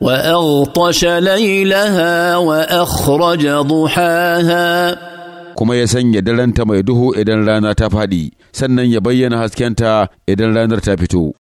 وأغطش ليلها وأخرج ضحاها kuma ya sanya darenta mai duhu idan rana ta faɗi sannan ya bayyana haskenta idan ranar ta fito